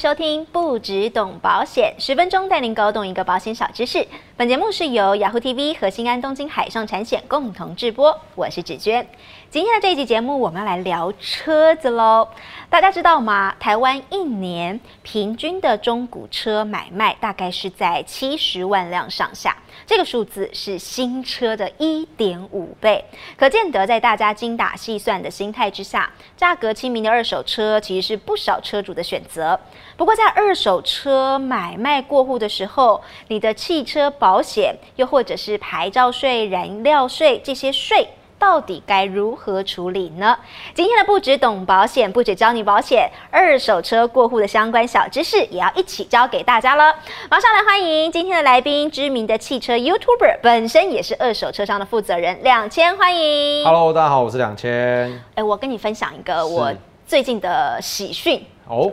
收聽不芷懂保險，十分鐘帶您搞懂一個保險小知識。本節目是由 Yahoo TV 和新安東京海上產險共同制播，我是芷娟，今天的這一集節目我們要來聊車子嘍。大家知道嗎？台灣一年平均的中古車買賣大概是在七十萬輛上下，這個數字是新車的一點五倍，可見得在大家精打細算的心態之下，價格親民的二手車其實是不少車主的選擇。不過在二手車買賣過戶的時候，你的汽車保險，又或者是牌照稅、燃料稅這些稅。到底該如何處理呢？今天的不芷懂保險，不止教你保險，二手車過戶的相關小知識也要一起教給大家了。馬上來歡迎今天的來賓，知名的汽車 YouTuber，本身也是二手車商的負責人，兩千歡迎。Hello，大家好，我是兩千。欸，我跟你分享一個我最近的喜訊哦。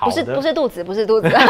不是不是，肚子不是肚子，肚子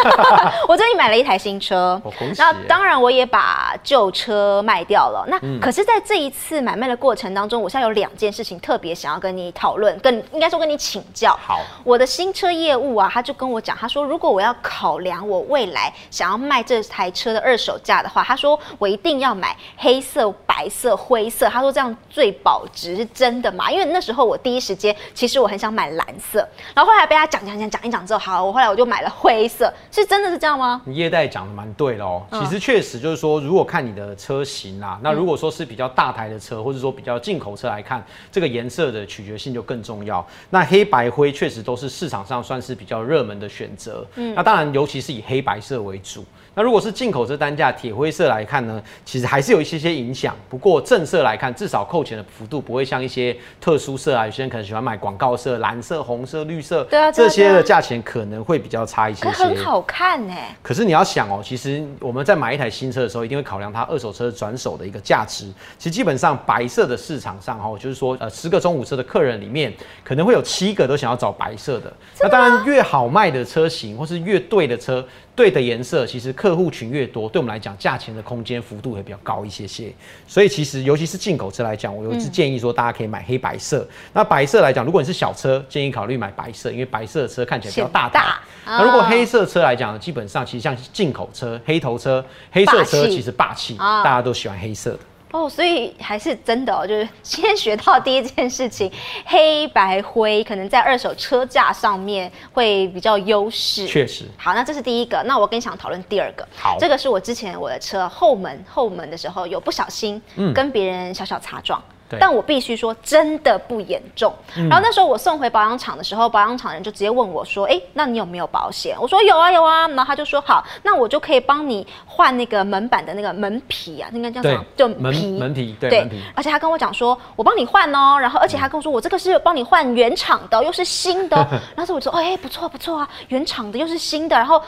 我最近買了一台新車， 哦、那當然我也把舊車賣掉了。那可是在這一次買賣的過程當中，嗯、我現在有兩件事情特別想要跟你討論，跟應該說跟你請教。好，我的新車業務啊，他就跟我講，他說如果我要考量我未來想要賣這台車的二手價的話，他說我一定要買黑色、白色、灰色，他說這樣最保值，是真的嘛？因為那時候我第一時間其實我很想買藍色，然後後來被他講講講講一講之後，好。我後來我就買了灰色，是真的是這樣嗎？你業代講的蠻對哦、喔。其實確實就是說，如果看你的車型啦、啊嗯，那如果說是比較大台的車，或者說比較進口車來看，這個顏色的取決性就更重要。那黑白灰確實都是市場上算是比較熱門的選擇。嗯，那當然，尤其是以黑白色為主。那如果是進口車單價鐵灰色來看呢，其實還是有一些些影響。不過正色來看，至少扣錢的幅度不會像一些特殊色啊，有些人可能喜歡買廣告色，藍色、紅色、綠色，對啊，對啊這些的價錢可能。可能會比較差一些，很好看呢。可是你要想哦，其實我們在買一台新車的時候，一定會考量它二手車轉手的一個價值。其實基本上白色的市場上哈、哦，就是說呃，十個中古車的客人裡面，可能會有七個都想要找白色的。那當然越好賣的車型，或是越對的車。對的顏色，其實客戶群越多，對我們來講，價錢的空間幅度也比較高一些些。所以其實，尤其是進口車來講，我有一次建議說，大家可以買黑白色。嗯。那白色來講，如果你是小車，建議考慮買白色，因為白色的車看起來比較大膽。大。那如果黑色車來講，哦，基本上其實像進口車、黑頭車、黑色車其實霸氣，霸氣。大家都喜歡黑色的。哦，所以還是真的喔，就是先學到第一件事情，黑白灰可能在二手車價上面會比較優勢。確實，好，那這是第一個，那我更想討論第二個，好，這個是我之前我的車後門後門的時候有不小心跟別人小小擦撞。嗯但我必須說，真的不嚴重，嗯。然後那時候我送回保養廠的時候，保養廠的人就直接問我說：“哎、欸，那你有沒有保險？”我說：“有啊，有啊。”然後他就說：“好，那我就可以幫你換那個門板的那個門皮啊，那應該叫什麼？就皮門，門皮對，對門皮，而且他跟我講說，我幫你換哦，喔。然後而且他跟我說，嗯、我這個是幫你換原廠的，又是新的。 然後我就說：“哎、欸，不錯不錯啊，原廠的又是新的。然後，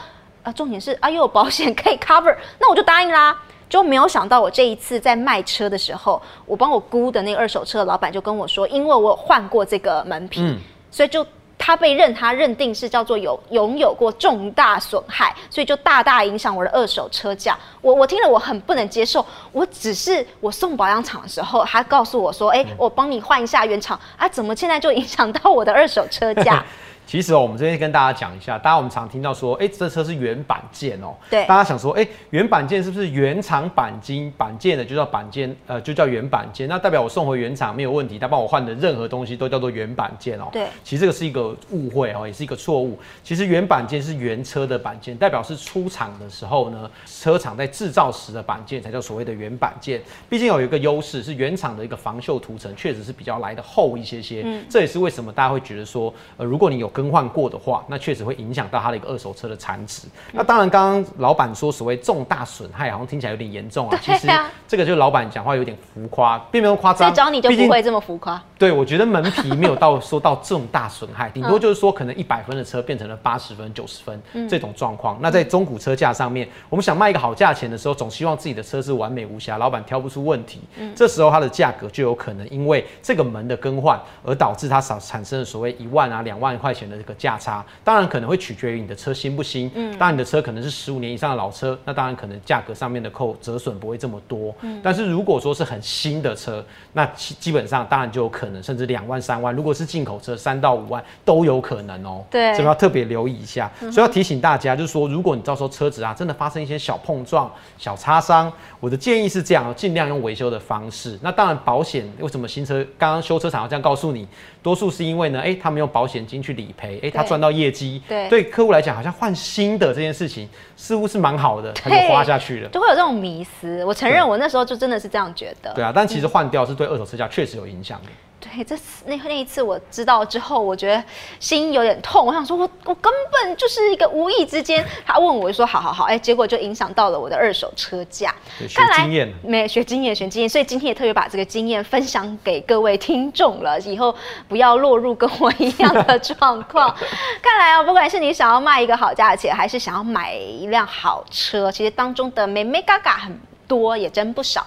呃、重點是啊，又有保險可以 cover，那我就答應啦。”就沒有想到，我這一次在賣車的時候，我幫我估的那個二手車的老闆就跟我說，因為我有換過這個門皮、嗯，所以就他被認他認定是叫做有擁有過重大損害，所以就大大影響我的二手車價。我我聽了我很不能接受，我只是我送保養廠的時候，他告訴我說，哎、欸，我幫你換一下原廠，啊，怎麼現在就影響到我的二手車價？ 其實哦，我們這邊跟大家講一下，大家我們常聽到說，哎，這車是原板件哦。對。大家想說，哎，原板件是不是原廠鈑金板件的就叫板件，呃，就叫原板件？那代表我送回原廠沒有問題，他幫我換的任何東西都叫做原板件哦。對。其實這個是一個誤會哦，也是一個錯誤。其實原板件是原車的板件，代表是出廠的時候呢，車廠在製造時的板件才叫所謂的原板件。畢竟有一個優勢是原廠的一個防鏽塗層確實是比較來得厚一些些。嗯。這也是為什麼大家會覺得說，呃，如果你有。更換過的話，那確實會影響到他的一個二手車的殘值、嗯。那當然，剛剛老板說所謂重大損害，好像聽起來有點嚴重啊。對啊。其實這個就是老板講話有點浮誇，並沒有誇張。所以找你就不會這麼浮誇。對，我覺得門皮沒有到說到重大損害，頂 多就是說可能一百分的車變成了八十分、九十分、嗯、這種狀況。那在中古車價上面、嗯，我們想賣一個好價錢的時候，總希望自己的車是完美無瑕，老板挑不出問題。嗯、這時候它的價格就有可能因為這個門的更換而導致它少產生了所謂一萬啊、兩萬塊錢。的這個價差，當然可能會取決於你的車新不新。嗯，當然你的車可能是十五年以上的老車，那當然可能價格上面的扣折損不會這麼多。嗯，但是如果說是很新的車，那基本上當然就有可能，甚至兩萬三萬。如果是進口車，三到五萬都有可能哦、喔。對，所以要特別留意一下、嗯。所以要提醒大家，就是說，如果你到時候車子啊真的發生一些小碰撞、小擦傷，我的建議是這樣，儘量用維修的方式。那當然保，保險為什麼新車剛剛修車廠要這樣告訴你？多數是因為呢，哎、欸，他們用保險金去理。賠、欸、他賺到業績，對客戶來講好像換新的這件事情似乎是蠻好的，他就花下去了，就會有這種迷思。我承認我那時候就真的是這樣覺得。對，對啊，但其實換掉是對二手車價確實有影響的。欸、這次那那一次我知道之後，我覺得心有點痛。我想說我，我我根本就是一個無意之間，他問我就說好好好，哎、欸，結果就影響到了我的二手車價。看來沒有學經驗，學經驗。所以今天也特別把這個經驗分享給各位聽眾了，以後不要落入跟我一樣的狀況。 看來啊、喔，不管是你想要賣一個好價錢，還是想要買一輛好車，其實當中的眉眉角角很，多也真不少。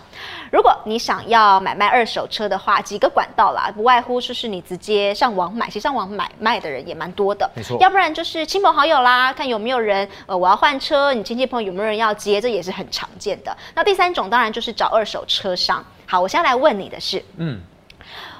如果你想要買賣二手車的話，幾個管道啦，不外乎就是你直接上網買，其實上網買賣的人也蠻多的，沒錯。要不然就是親朋好友啦，看有沒有人，呃，我要換車，你親戚朋友有沒有人要接，這也是很常見的。那第三種當然就是找二手車商。好，我先來問你的是，嗯，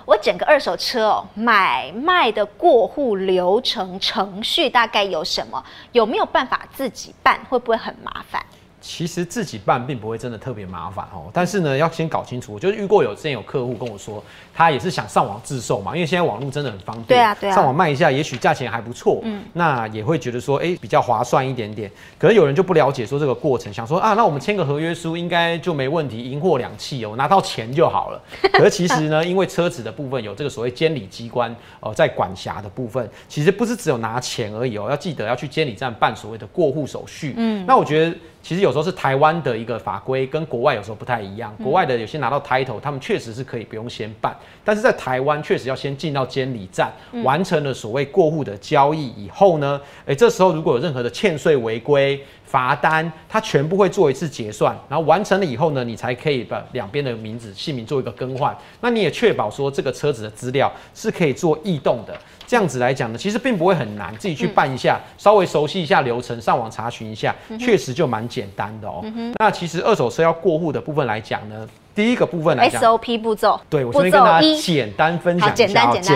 我整個二手車喔，買賣的過戶流程程序大概有什麼？有沒有辦法自己辦？會不會很麻煩？其實自己辦並不會真的特別麻煩哦、喔，但是呢，要先搞清楚。就是遇過有之前有客戶跟我說，他也是想上網自售嘛，因為現在網絡真的很方便，對啊，對啊。上網賣一下，也許價錢還不錯，嗯，那也會覺得說，哎、欸，比較划算一點點。可是有人就不了解說這個過程，想說啊，那我們簽個合約書應該就沒問題，銀貨兩讫哦，拿到錢就好了。可是其實呢，因為車子的部分有這個所謂監理機關哦、呃、在管轄的部分，其實不是只有拿錢而已哦、喔，要記得要去監理站辦所謂的過戶手續。嗯，那我覺得。其實有時候是台灣的一個法規跟國外有時候不太一樣，國外的有些拿到 title，他們確實是可以不用先辦，但是在台灣確實要先進到監理站，完成了所謂過戶的交易以後呢，誒，這時候如果有任何的欠稅、違規、罰單，它全部會做一次結算，然後完成了以後呢，你才可以把兩邊的名字、姓名做一個更換，那你也確保說這個車子的資料是可以做異動的。這樣子來講呢，其實並不會很難，自己去辦一下，嗯、稍微熟悉一下流程，上網查詢一下，嗯、確實就蠻簡單的哦、喔嗯。那其實二手車要過戶的部分來講呢。第一個部分來講，SOP 步驟，對，我先跟大家簡單分享一下，簡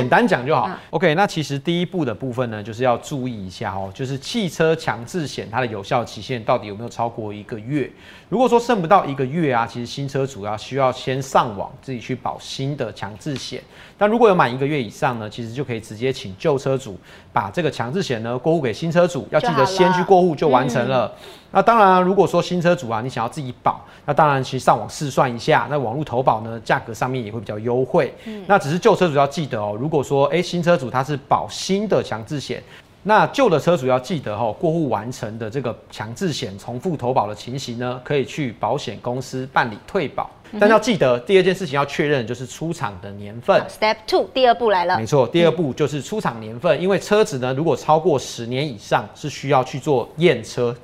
單講、哦，就好，嗯。OK，那其實第一步的部分呢，就是要注意一下哦，就是汽車強制險它的有效期限到底有沒有超過一個月？如果說剩不到一個月啊，其實新車主要需要先上網自己去保新的強制險。但如果有滿一個月以上呢，其實就可以直接請舊車主，把這個強制險呢過戶給新車主，要記得先去過戶就完成了。了。嗯。那當然啊，如果說新車主啊，你想要自己保，那當然其實上網試算一下，那網絡投保呢價格上面也會比較優惠。嗯。那只是舊車主要記得哦，如果說誒、欸、新車主他是保新的強制險。那舊的車主要記得哦，過戶完成的這個強制險重複投保的情形呢，可以去保險公司辦理退保。嗯，但要記得第二件事情要確認，就是出廠的年份。Step two，第二步來了。沒錯，第二步就是出廠年份。嗯，因為車子呢，如果超過十年以上，是需要去做驗車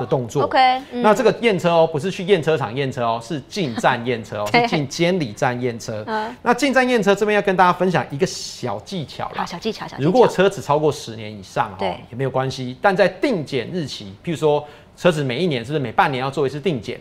的動作。OK、嗯、那這個驗車哦、喔，不是去驗車場驗車哦、喔，是進站驗車、喔、 車，是進監理站驗車。那進站驗車這邊要跟大家分享一個小技巧了。小技巧。小技巧。如果車子超過十年以上哦、喔，對，也沒有關係。但在定檢日期，譬如說車子每一年，是不是每半年要做一次定檢？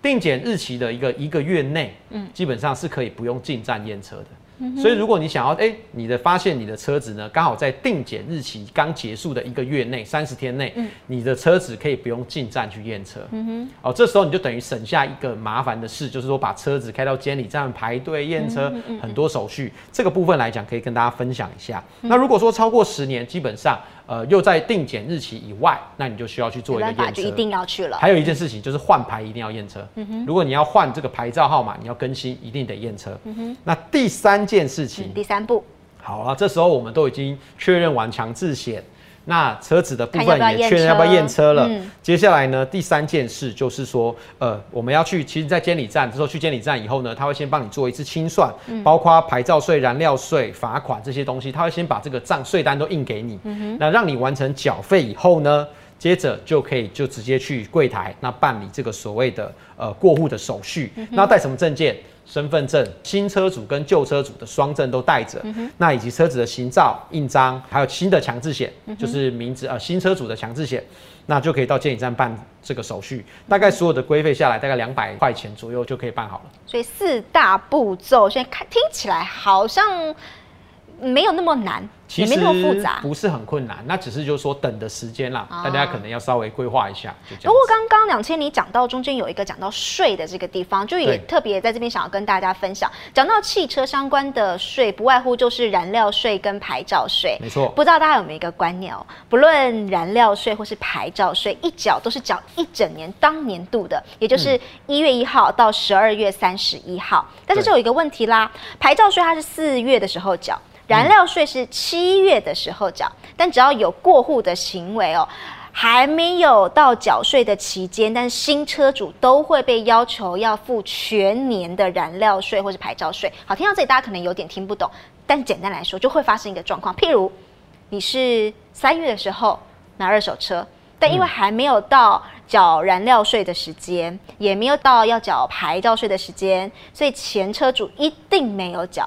定檢日期的一個一個月內，嗯，基本上是可以不用進站驗車的。嗯、所以，如果你想要，哎、欸，你的發現你的車子呢，剛好在定檢日期剛結束的一個月內，三十天內、嗯，你的車子可以不用進站去驗車。嗯哦，這時候你就等於省下一個麻煩的事，就是說把車子開到監理站這樣排隊驗車，嗯哼、嗯哼、嗯哼，很多手續。這個部分來講，可以跟大家分享一下、嗯。那如果說超過十年，基本上。呃，又在定檢日期以外，那你就需要去做一個驗車。就一定要去了。還有一件事情就是換牌一定要驗車。嗯哼。如果你要換這個牌照號碼，你要更新，一定得驗車。嗯哼。那第三件事情，嗯、第三步。好啊，這時候我們都已經確認完強制險。那車子的部分也確認要不要驗車了，嗯。接下來呢，第三件事就是說，呃，我們要去，其實，在監理站，之、就是、說去監理站以後呢，他會先幫你做一次清算，嗯、包括牌照稅、燃料稅、罰款這些東西，他會先把這個賬稅單都印給你。嗯、那讓你完成繳費以後呢，接着就可以就直接去櫃檯，那辦理這個所謂的呃過戶的手續。嗯、那帶什麼證件？身份證、新車主跟舊車主的雙證都帶着、嗯，那以及車子的行照、印章，還有新的強制險、嗯，就是名字啊、呃。新車主的強制險，那就可以到監理站辦這個手續。大概所有的規費下來，大概兩百塊錢左右就可以辦好了。嗯、所以四大步驟，現在看聽起來好像沒有那麼難。也沒那麼複雜，不是很困難，那只是就是說等的時間啦、啊，大家可能要稍微規劃一下。不過剛剛兩千，剛剛你講到中間有一個講到稅的這個地方，就也特別在這邊想要跟大家分享。講到汽車相關的稅，不外乎就是燃料稅跟牌照稅。沒錯，不知道大家有沒有一個觀念哦、喔，不論燃料稅或是牌照稅，一繳都是繳一整年當年度的，也就是一月一號到十二月三十一號、嗯。但是這有一個問題啦，牌照稅它是四月的時候繳。燃料稅是七月的時候繳，但只要有過戶的行為哦、喔，還沒有到繳稅的期間，但是新車主都會被要求要付全年的燃料稅或是牌照稅。好，聽到這裡大家可能有點聽不懂，但簡單來說就會發生一個狀況，譬如你是三月的時候買二手車，但因為還沒有到繳燃料稅的時間，也沒有到要繳牌照稅的時間，所以前車主一定沒有繳。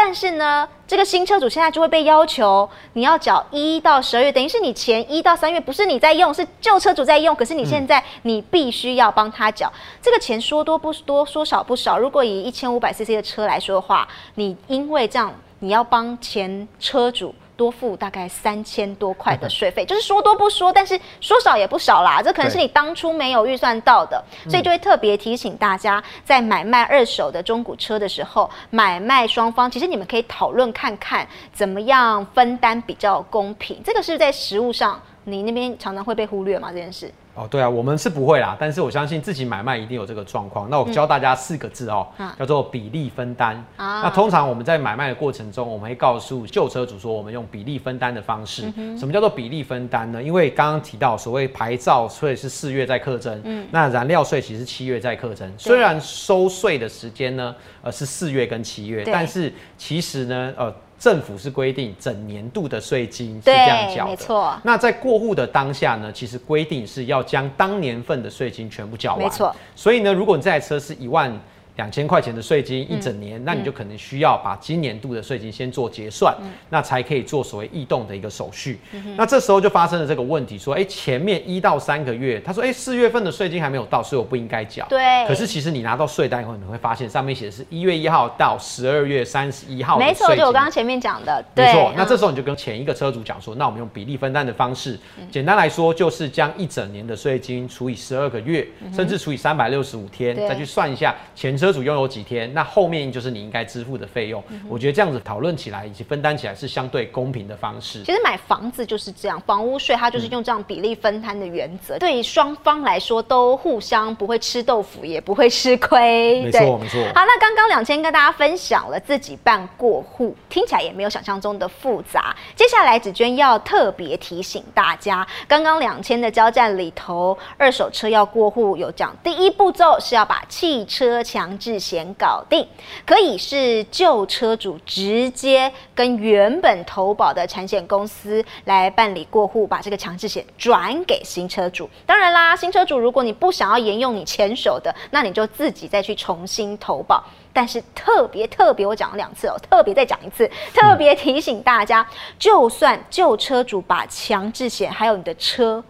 但是呢，這個新車主現在就會被要求，你要繳一到十二月，等於是你前一到三月不是你在用，是舊車主在用，可是你現在你必須要幫他繳、嗯、這個錢，說多不多，說少不少。如果以一千五百 CC 的車來說的話，你因為這樣，你要幫前車主。多付大概三千多塊的稅費，就是說多不說，但是說少也不少啦。這可能是你當初沒有預算到的，所以就會特別提醒大家，在買賣二手的中古車的時候，買賣雙方其實你們可以討論看看，怎麼樣分擔比較公平。這個是在實務上，你那邊常常會被忽略嗎？這件事？哦，對啊，我們是不會啦，但是我相信自己買賣一定有這個狀況。那我教大家四個字哦，嗯、叫做比例分擔、啊。那通常我們在買賣的過程中，我們會告訴舊車主說，我們用比例分擔的方式、嗯。什麼叫做比例分擔呢？因為剛剛提到所謂牌照稅是四月在課徵，嗯，那燃料稅其實是七月在課徵。雖然收稅的時間呢，呃，是四月跟七月，但是其實呢，呃。政府是規定整年度的稅金是這樣繳的，對，沒錯。那在過戶的當下呢，其實規定是要將當年份的稅金全部繳完，沒錯。所以呢，如果你這台車是一萬。兩千塊錢的稅金一整年，嗯，那你就可能需要把今年度的稅金先做結算，嗯，那才可以做所謂異動的一個手續，嗯。那這時候就發生了這個問題：說，哎，欸，前面一到三個月，他說，哎，四月份的稅金還沒有到，所以我不應該繳。對。可是其實你拿到稅單以後，你會發現上面寫的是一月一號到十二月三十一號的稅金。沒錯，就我剛剛前面講的，對。沒錯，那這時候你就跟前一個車主講說，那我們用比例分擔的方式，嗯，簡單來說就是將一整年的稅金除以十二個月，嗯，甚至除以三百六十五天，再去算一下前車。車主擁有幾天，那後面就是你應該支付的費用、嗯。我覺得這樣子討論起來以及分擔起來是相對公平的方式。其實買房子就是這樣，房屋稅它就是用這樣比例分攤的原則、嗯，對於雙方來說都互相不會吃豆腐，也不會吃虧。沒錯，沒錯。好，那剛剛兩千跟大家分享了自己辦過戶，聽起來也沒有想象中的複雜。接下來芷娟要特別提醒大家，剛剛兩千的交戰裡頭，二手車要過戶有講，第一步驟是要把汽車強。制險搞定，可以是舊車主直接跟原本投保的產險公司來辦理過戶，把這個強制險轉給新車主。當然啦，新車主如果你不想要沿用你前手的，那你就自己再去重新投保。但是特別特別，我講了兩次哦，特別再講一次，特別提醒大家，就算舊車主把強制險還有你的車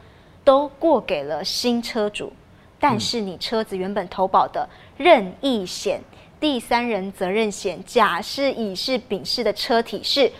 都過給了新車主，但是你車子原本投保的。任意險、第三人責任險、甲式、乙式、丙式的車體是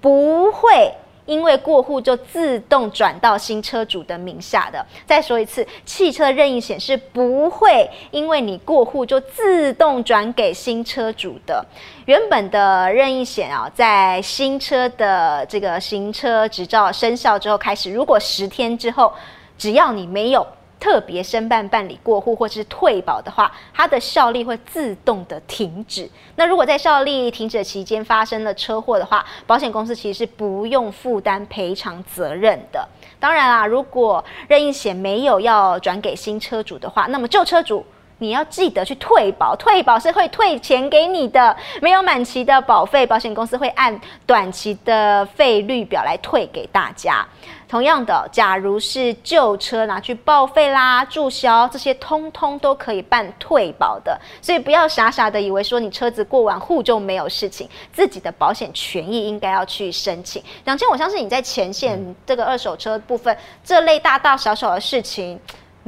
不會因為過戶就自動轉到新車主的名下的。再說一次，汽車任意險是不會因為你過戶就自動轉給新車主的。原本的任意險啊，在新車的這個行車執照生效之後開始，如果十天之後，只要你沒有。特別申辦辦理過戶或是退保的話，它的效力會自動的停止。那如果在效力停止的期間發生了車禍的話，保險公司其實是不用負擔賠償責任的。當然啦，如果任意險沒有要轉給新車主的話，那麼舊車主。你要記得去退保，退保是會退錢給你的，沒有滿期的保費，保險公司會按短期的費率表來退給大家。同樣的，假如是舊車拿去報廢啦、注銷，這些通通都可以辦退保的。所以不要傻傻的以為說你車子過完戶就沒有事情，自己的保險權益應該要去申請。兩千，我相信你在前線、嗯、這個二手車部分，這類大大小小的事情。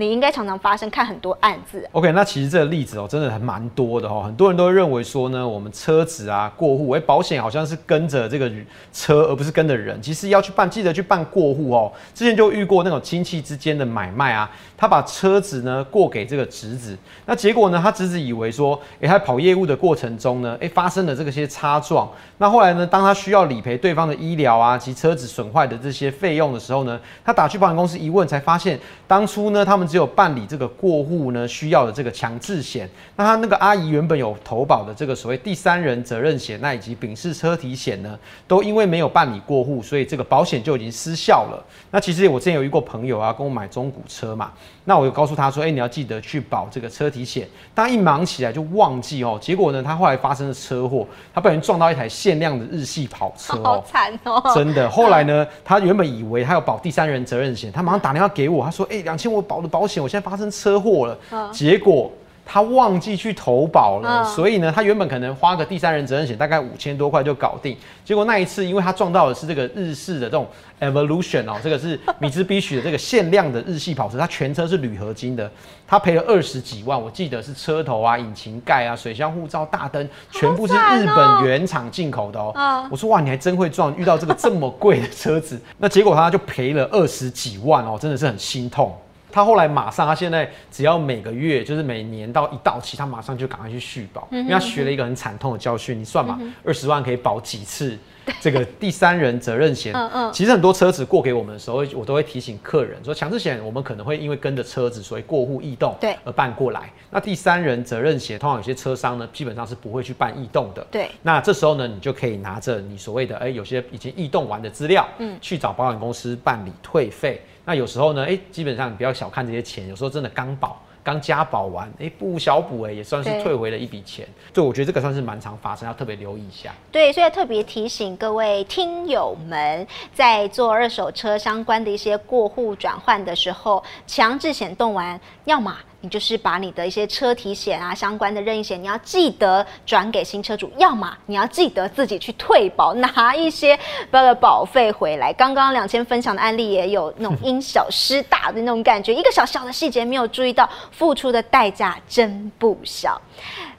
你應該常常發生看很多案子，啊。OK，那其實這個例子哦、喔，真的還蠻多的哦、喔。很多人都認為說呢，我們車子啊過戶，誒、欸，保險好像是跟着這個車，而不是跟着人。其實要去辦，記得去辦過戶哦、喔。之前就遇過那種親戚之間的買賣啊，他把車子呢過給這個侄子，那結果呢，他侄子以為說，誒、欸，他跑業務的過程中呢，誒、欸，發生了這個些擦撞。那後來呢，當他需要理賠對方的醫療啊及車子損壞的這些費用的時候呢，他打去保險公司一問，才發現當初呢，他們。只有辦理這個過戶呢，需要的這個強制險。那他那個阿姨原本有投保的這個所謂第三人責任險，那以及丙式車體險呢，都因為沒有辦理過戶，所以這個保險就已經失效了。那其實我之前有一個朋友啊，跟我買中古車嘛，那我就告訴他說，哎、欸，你要記得去保這個車體險。他一忙起來就忘記哦，結果呢，他後來發生了車禍，他被人撞到一台限量的日系跑車、哦、好慘哦，真的。後來呢，他原本以為他有保第三人責任險，他馬上打電話給我，他說，哎、欸，兩千我保了，保險，我現在發生車禍了，結果他忘記去投保了，所以呢，他原本可能花個第三人責任險大概五千多塊就搞定，結果那一次，因為他撞到的是這個日式的這種 Evolution 哦，這個是 Mitsubishi 的這個限量的日系跑車，它全車是鋁合金的，他賠了二十幾萬，我記得是車頭啊、引擎蓋啊、水箱護罩、大燈，全部是日本原廠進口的哦。我說哇，你還真會撞，遇到這個這麼貴的車子，那結果他就賠了二十幾萬哦，真的是很心痛。他後來馬上，他現在只要每個月，就是每年到一到期，他馬上就趕快去續保，嗯哼嗯哼，因為他學了一個很慘痛的教訓。你算嘛，二、嗯、十萬可以保幾次？這個第三人責任險、 嗯嗯，其實很多車子過給我們的時候，我都會提醒客人說，強制險我們可能會因為跟着車子，所以過戶異動，對，而辦過來。那第三人責任險，通常有些車商呢，基本上是不會去辦異動的，對。那這時候呢，你就可以拿着你所謂的哎、欸，有些已經異動完的資料，嗯，去找保險公司辦理退費。那有時候呢，哎、欸，基本上你不要小看這些錢，有時候真的剛保、剛加保完，哎、欸，不無小補，哎、欸，也算是退回了一筆錢。對，所以我覺得這個算是蠻常發生，要特別留意一下。對，所以要特別提醒各位聽友們，在做二手車相關的一些過戶轉換的時候，強制險動完，要麼。你就是把你的一些車體險啊，相關的任意險，你要記得轉給新車主，要麼你要記得自己去退保拿一些那個保費回來。剛剛兩千分享的案例也有那種因小失大的那種感覺，呵呵，一個小小的細節沒有注意到，付出的代價真不小。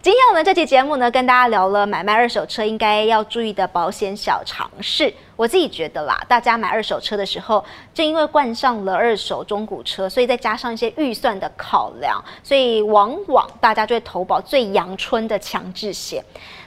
今天我們這期節目呢，跟大家聊了買賣二手車應該要注意的保險小常識。我自己覺得啦，大家買二手車的時候，正因為冠上了二手中古車，所以再加上一些預算的考量，所以往往大家就會投保最陽春的強制險，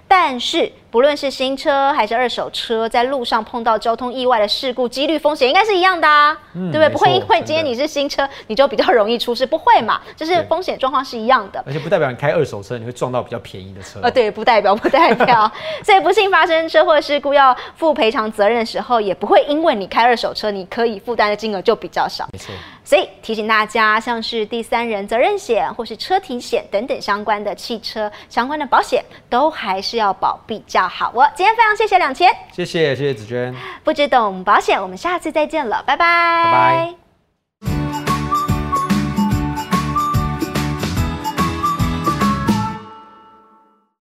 但是。不論是新車還是二手車，在路上碰到交通意外的事故幾率風險應該是一樣的，啊嗯，對不對？不會因為今天你是新車，你就比較容易出事，不會嘛？就是風險狀況是一樣的。而且不代表你開二手車你會撞到比較便宜的車啊，呃，對，不代表不代表。 所以不幸發生車禍事故要負賠償責任的時候，也不會因為你開二手車，你可以負擔的金額就比較少。沒錯，所以提醒大家，像是第三人責任險或是車體險等等相關的汽車相關的保險，都還是要保比較。好，我今天非常謝謝兩千，謝謝謝謝芷娟，不芷懂保險，我們下次再見了，拜拜。拜拜。